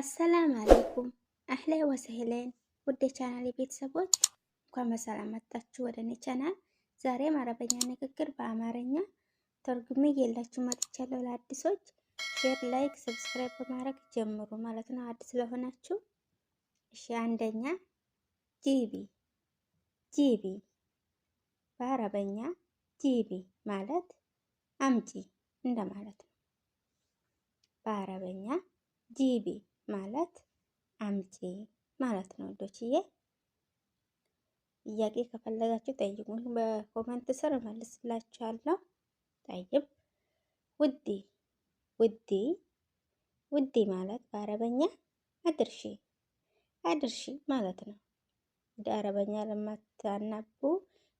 አሰላም አለይኩም አህላ ወሰህለን ውድ ቻናል ቤተሰቦች እንኳን በሰላም መጣችሁ ወደ እኔ ቻናል። ዛሬም አረበኛ ንግግር በአማርኛ ተርጉሜ የላችሁ መጥቻለሁ። ለአዲሶች ሼር፣ ላይክ፣ ሰብስክራይብ በማድረግ ጀምሩ ማለት ነው አዲስ ለሆናችሁ። እሺ አንደኛ ጂቢ ጂቢ፣ በአረበኛ ጂቢ ማለት አምጪ እንደማለት ነው። በአረበኛ ጂቢ ማለት አምጪ ማለት ነው ወዶችዬ። ጥያቄ ከፈለጋችሁ ጠይቁኝ፣ በኮመንት ስር መልስላችኋለሁ። ጠይብ ውዲ ውዲ ውዲ ማለት በአረበኛ አድርሺ አድርሺ ማለት ነው። ወደ አረበኛ ለማታናቡ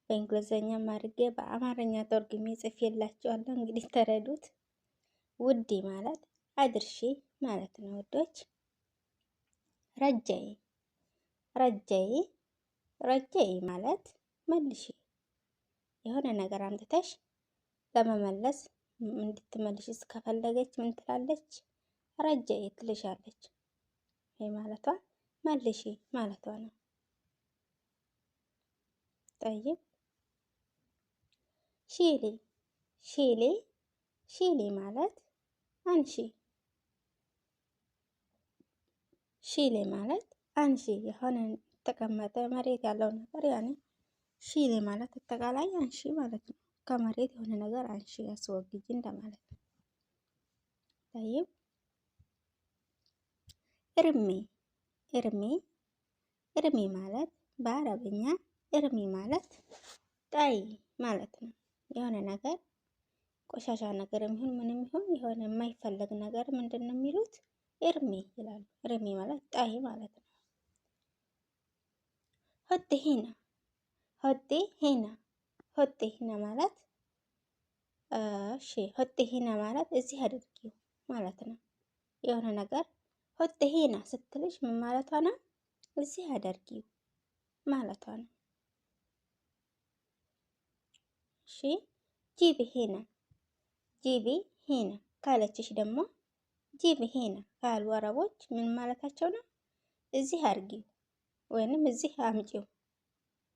በእንግሊዘኛ አድርጌ በአማርኛ ተርጉሜ ጽፌላችኋለሁ። እንግዲህ ተረዱት። ውዲ ማለት አድርሺ ማለት ነው ወዶች ረጀይ ረጀይ ረጀይ ማለት መልሺ የሆነ ነገር አምጥተሽ ለመመለስ እንድትመልሽ እስከፈለገች ምን ትላለች? ረጀይ ትልሻለች። ይህ ማለቷ መልሺ ማለቷ ነው። ጠይብ ሺሊ ሺሊ ሺሊ ማለት አንሺ ሺሌ ማለት አንሺ የሆነ የተቀመጠ መሬት ያለው ነገር ያኔ ሺሌ ማለት አጠቃላይ አንሺ ማለት ነው። ከመሬት የሆነ ነገር አንሺ አስወግጅ እንደማለት ነው። ይታይም እርሜ እርሜ እርሜ ማለት በአረብኛ እርሜ ማለት ጣይ ማለት ነው። የሆነ ነገር ቆሻሻ ነገር የሚሆን ምንም ይሁን የሆነ የማይፈለግ ነገር ምንድን ነው የሚሉት እርሜ ይላሉ። እርሜ ማለት ጣይ ማለት ነው። ሆቴ ሂና ሆቴ ሂና ሆቴ ሂና ማለት እሺ፣ ሆቴ ሂና ማለት እዚህ አድርጊው ማለት ነው። የሆነ ነገር ሆቴ ሂና ስትልሽ ምን ማለቷ ነው? እዚህ አድርጊው ማለቷ ነው። እሺ፣ ጂቢ ሂና ጂቢ ሂና ካለችሽ ደግሞ ይሄ ነው ካሉ አረቦች ምን ማለታቸው ነው? እዚህ አርጊ ወይንም እዚህ አምጪው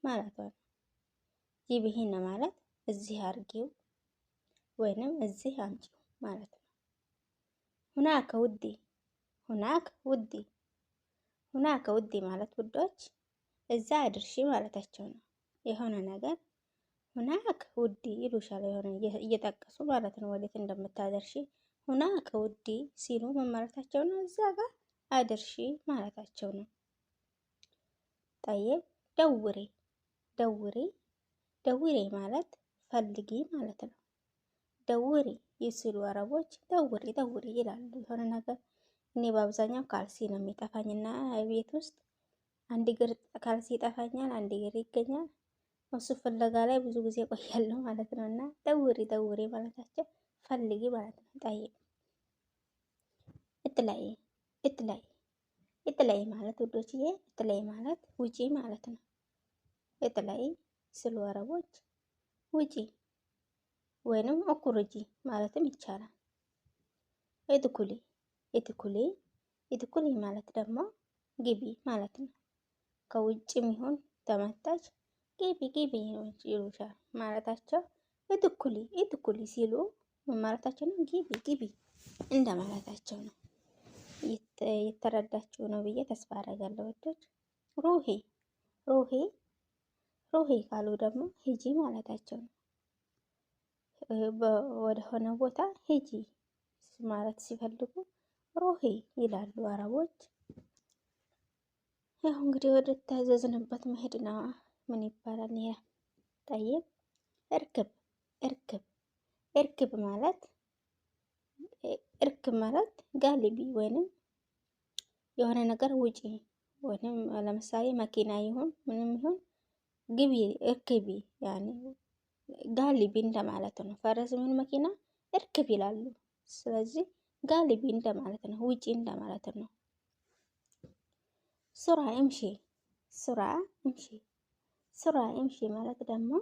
ማለቷ ነው። ይሄ ነው ማለት እዚህ አርጊው ወይንም እዚህ አምጪው ማለት ነው። ሁናከ ውዴ፣ ሁናክ ውዴ፣ ሁናከ ውዴ ማለት ውዶች፣ እዛ አድርሺ ማለታቸው ነው። የሆነ ነገር ሁናክ ውዴ ይሉሻል፣ የሆነ እየጠቀሱ ማለት ነው ወዴት እንደምታደርሺ ሁና ከውዴ ሲሉ ነው እዛ ጋር አድርሺ ማለታቸው ነው። ጠየብ ደውሬ ደውሬ ደውሬ ማለት ፈልጊ ማለት ነው። ደውሬ የሲሉ አረቦች ደውሬ ደውሬ ይላሉ። የሆነ ነገር እኔ በአብዛኛው ካልሲ ነው የሚጠፋኝና ቤት ውስጥ አንድ እግር ካልሲ ይጠፋኛል፣ አንድ እግር ይገኛል። እሱ ፍለጋ ላይ ብዙ ጊዜ ቆያለሁ ማለት ነው እና ደውሬ ደውሬ ማለታቸው ፈልጊ ማለት ነው። ጠይ እጥለይ እጥለይ እጥለይ ማለት ውዶችዬ፣ እጥለይ ማለት ውጪ ማለት ነው። እጥለይ ስሉ አረቦች ውጪ ወይንም ኦኩርጂ ማለትም ይቻላል። እድኩሊ እድኩሊ እድኩሊ ማለት ደግሞ ግቢ ማለት ነው። ከውጭ የሚሆን ተመታች ግቢ ግቢ ይሉሻል ማለታቸው። እድኩሊ እድኩሊ ሲሉ ማለታቸው ነው። ግቢ ግቢ እንደ ማለታቸው ነው። የተረዳችሁ ነው ብዬ ተስፋ አደርጋለሁ። ወዶች ሩሄ ሩሄ ሩሄ ካሉ ደግሞ ሂጂ ማለታቸው ነው። ሆነ ቦታ ሂጂ ማለት ሲፈልጉ ሩሄ ይላሉ አረቦች። ያው እንግዲህ ወደ ታዘዝንበት መሄድ ምን ይባላል? ጠይብ እርክብ እርክብ እርክብ ማለት እርክብ ማለት ጋልቢ ወይንም የሆነ ነገር ውጪ ወይንም ለምሳሌ መኪና ይሁን ምንም ይሁን ግቢ እርክቢ ያኔ ጋልቢ እንደማለት ነው። ፈረስ ይሁን መኪና እርክብ ይላሉ። ስለዚህ ጋልቢ እንደማለት ነው፣ ውጪ እንደማለት ነው። ሱራ እምሺ፣ ሱራ እምሺ፣ ሱራ እምሺ ማለት ደግሞ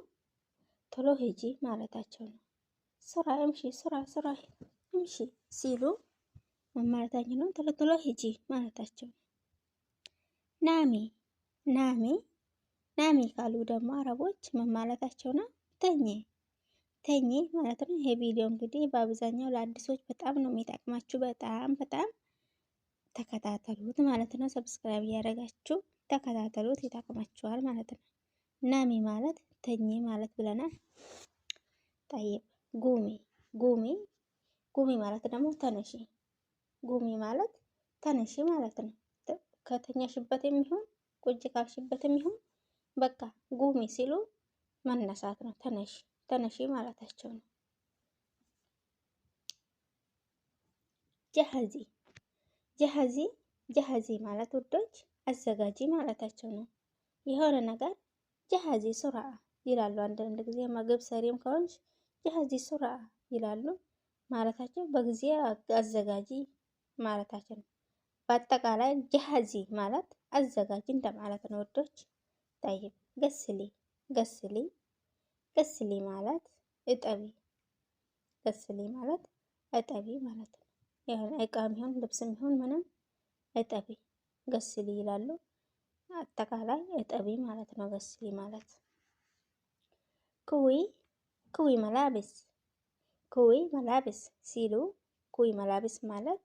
ቶሎ ሂጂ ማለታቸው ነው። ስራ እምሺ ስራ ስራ እምሺ ሲሉ መማረታኝ ነው። ቶሎ ቶሎ ሂጂ ማለታቸው። ናሚ ናሚ ናሚ ካሉ ደግሞ አረቦች መማለታቸው ነው። ተኝ ተኝ ማለት ነው። ይሄ ቪዲዮ እንግዲህ በአብዛኛው ለአዲሶች በጣም ነው የሚጠቅማችሁ። በጣም በጣም ተከታተሉት ማለት ነው። ሰብስክራይብ እያደረጋችሁ ተከታተሉት፣ ይጠቅማችኋል ማለት ነው። ናሚ ማለት ተኝ ማለት ብለናል። ጠይቅ ጉሚ ጉሚ ጉሚ ማለት ደግሞ ተነሺ። ጉሚ ማለት ተነሺ ማለት ነው። ከተኛሽበት የሚሆን ቁጭ ካልሽበት የሚሆን በቃ ጉሚ ሲሉ መነሳት ነው። ተነሺ ተነሺ ማለታቸው ነው። ጀሀዚ ጀሀዚ ጀሀዚ ማለት ውዶች አዘጋጂ ማለታቸው ነው። የሆነ ነገር ጀሀዚ ሱራ ይላሉ። አንዳንድ ጊዜ ምግብ ሰሪም ከሆንሽ የዚህ ሱራ ይላሉ ማለታቸው በጊዜ አዘጋጂ ማለታቸው ነው። በአጠቃላይ ጀሃዚ ማለት አዘጋጂ እንደማለት ነው። ወዶች ታይብ ገስሊ ገስሊ ገስሊ ማለት እጠቢ ገስሊ ማለት እጠቢ ማለት ነው። ይሁን እቃም ይሁን ልብስም ይሁን ምንም እጠቢ ገስሊ ይላሉ። አጠቃላይ እጠቢ ማለት ነው። ገስሊ ማለት ክዊ ኩዊ መላብስ ኩዊ መላብስ ሲሉ ኩዊ መላብስ ማለት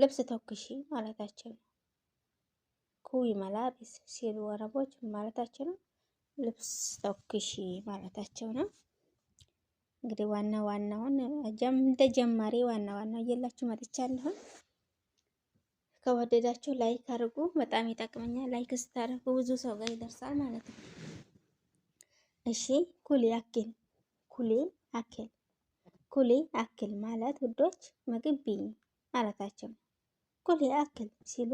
ልብስ ተኩሺ ማለታቸው ነው። ኩዊ መላብስ ሲሉ አረቦች ማለታቸው ነው። ልብስ ተኩሺ ማለታቸው ነው። እንግዲህ ዋና ዋናውን እንደ ጀማሪ ዋና ዋናው እየላችሁ መጥቻለሁ። ከወደዳችሁ ላይክ አድርጉ፣ በጣም ይጠቅመኛል። ላይክ ስታደርጉ ብዙ ሰው ጋር ይደርሳል ማለት ነው። እሺ ኩል ያኪን ኩሌ አክል ኩሌ አክል ማለት ውዶች ምግብ ብይ ማለታቸው ነው። ኩሌ አክል ሲሉ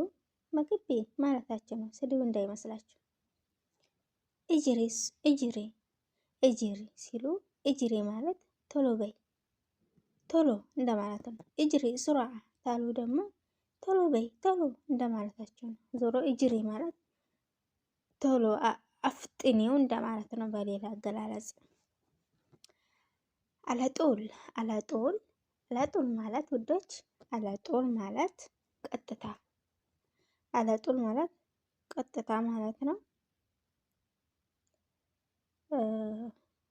ምግብ ብይ ማለታቸው ነው። ስድብ እንዳይመስላችሁ። እጅሬስ እጅሬ እጅሬ ሲሉ እጅሬ ማለት ቶሎ በይ ቶሎ እንደማለት ነው። እጅሬ ሱራ ታሉ ደግሞ ቶሎ በይ ቶሎ እንደማለታቸው ነው። ዞሮ እጅሬ ማለት ቶሎ አፍጥኔው እንደማለት ነው በሌላ አገላለጽ። አለጦል አለጦል አለጦል ማለት ውዶች አለጦል ማለት ቀጥታ አለጦል ማለት ቀጥታ ማለት ነው።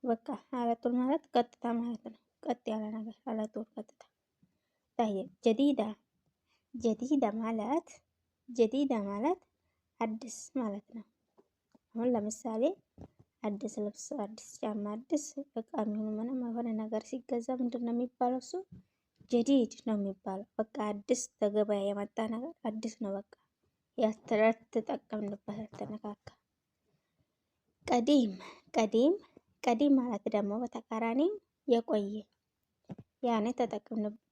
በቃ አለጦል ማለት ቀጥታ ማለት ነው። ቀጥ ያለ ነገር አለጦል ቀጥታ። ታየ ጀዲዳ ጀዲዳ ማለት ጀዲዳ ማለት አዲስ ማለት ነው። አሁን ለምሳሌ አዲስ ልብስ፣ አዲስ ጫማ፣ አዲስ በቃ የሚሆን ምንም የሆነ ነገር ሲገዛ ምንድን ነው የሚባለው? እሱ ጀዲድ ነው የሚባለው። በቃ አዲስ ከገበያ የመጣ ነገር አዲስ ነው። በቃ ያልተጠቀምንበት ያልተነካካ። ቀዲም ቀዲም ቀዲም ማለት ደግሞ በተቃራኒ የቆየ ያኔ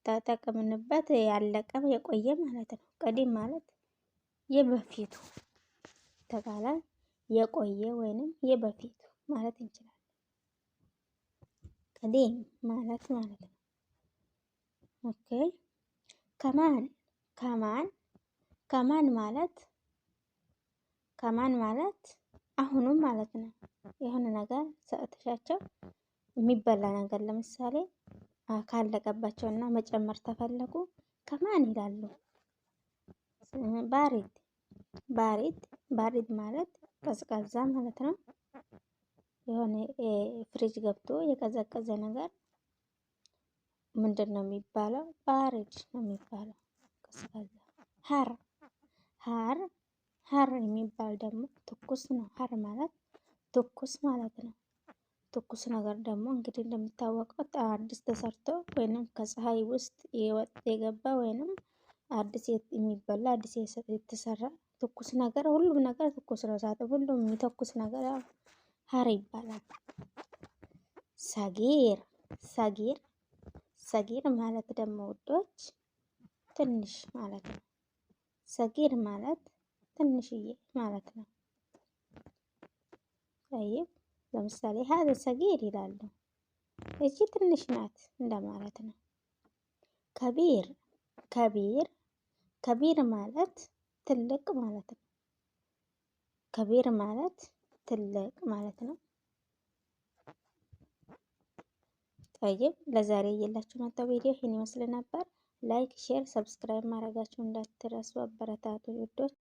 ተጠቅምንበት ያለቀ የቆየ ማለት ነው። ቀዲም ማለት የበፊቱ ተቃራኒ የቆየ ወይንም የበፊቱ ማለት እንችላለን። ማለት ማለት ነው። ኦኬ ከማን ከማን ከማን ማለት ከማን ማለት አሁንም ማለት ነው። የሆነ ነገር ሰጥሻቸው የሚበላ ነገር ለምሳሌ ካለቀባቸው እና መጨመር ተፈለጉ ከማን ይላሉ። ባሪድ ባሪድ ባሪድ ማለት ቀዝቃዛ ማለት ነው። የሆነ ፍሪጅ ገብቶ የቀዘቀዘ ነገር ምንድን ነው የሚባለው? ባሪድ ነው የሚባለው። ቀዝቃዛ ሀር ሀር ሀር የሚባል ደግሞ ትኩስ ነው። ሀር ማለት ትኩስ ማለት ነው። ትኩስ ነገር ደግሞ እንግዲህ እንደሚታወቀው አዲስ ተሰርቶ ወይንም ከፀሐይ ውስጥ የወጥ የገባ ወይንም አዲስ የሚበላ አዲስ የተሰራ ትኩስ ነገር ሁሉም ነገር ትኩስ ነው። ሳት ሁሉም የሚተኩስ ነገር ሀር ይባላል። ሰጊር ሰጊር ሰጊር ማለት ደግሞ ውዶች ትንሽ ማለት ነው። ሰጊር ማለት ትንሽዬ ማለት ነው። ይህ ለምሳሌ ሀዘ ሰጊር ይላሉ። እቺ ትንሽ ናት እንደማለት ነው። ከቢር ከቢር ከቢር ማለት ትልቅ ማለት ነው። ከቢር ማለት ትልቅ ማለት ነው። ጠይብ ለዛሬ እየላችሁ መጣው ቪዲዮ ይህን ይመስል ነበር። ላይክ፣ ሼር፣ ሰብስክራይብ ማድረጋችሁ እንዳትረሱ። አበረታቱ ውዶች።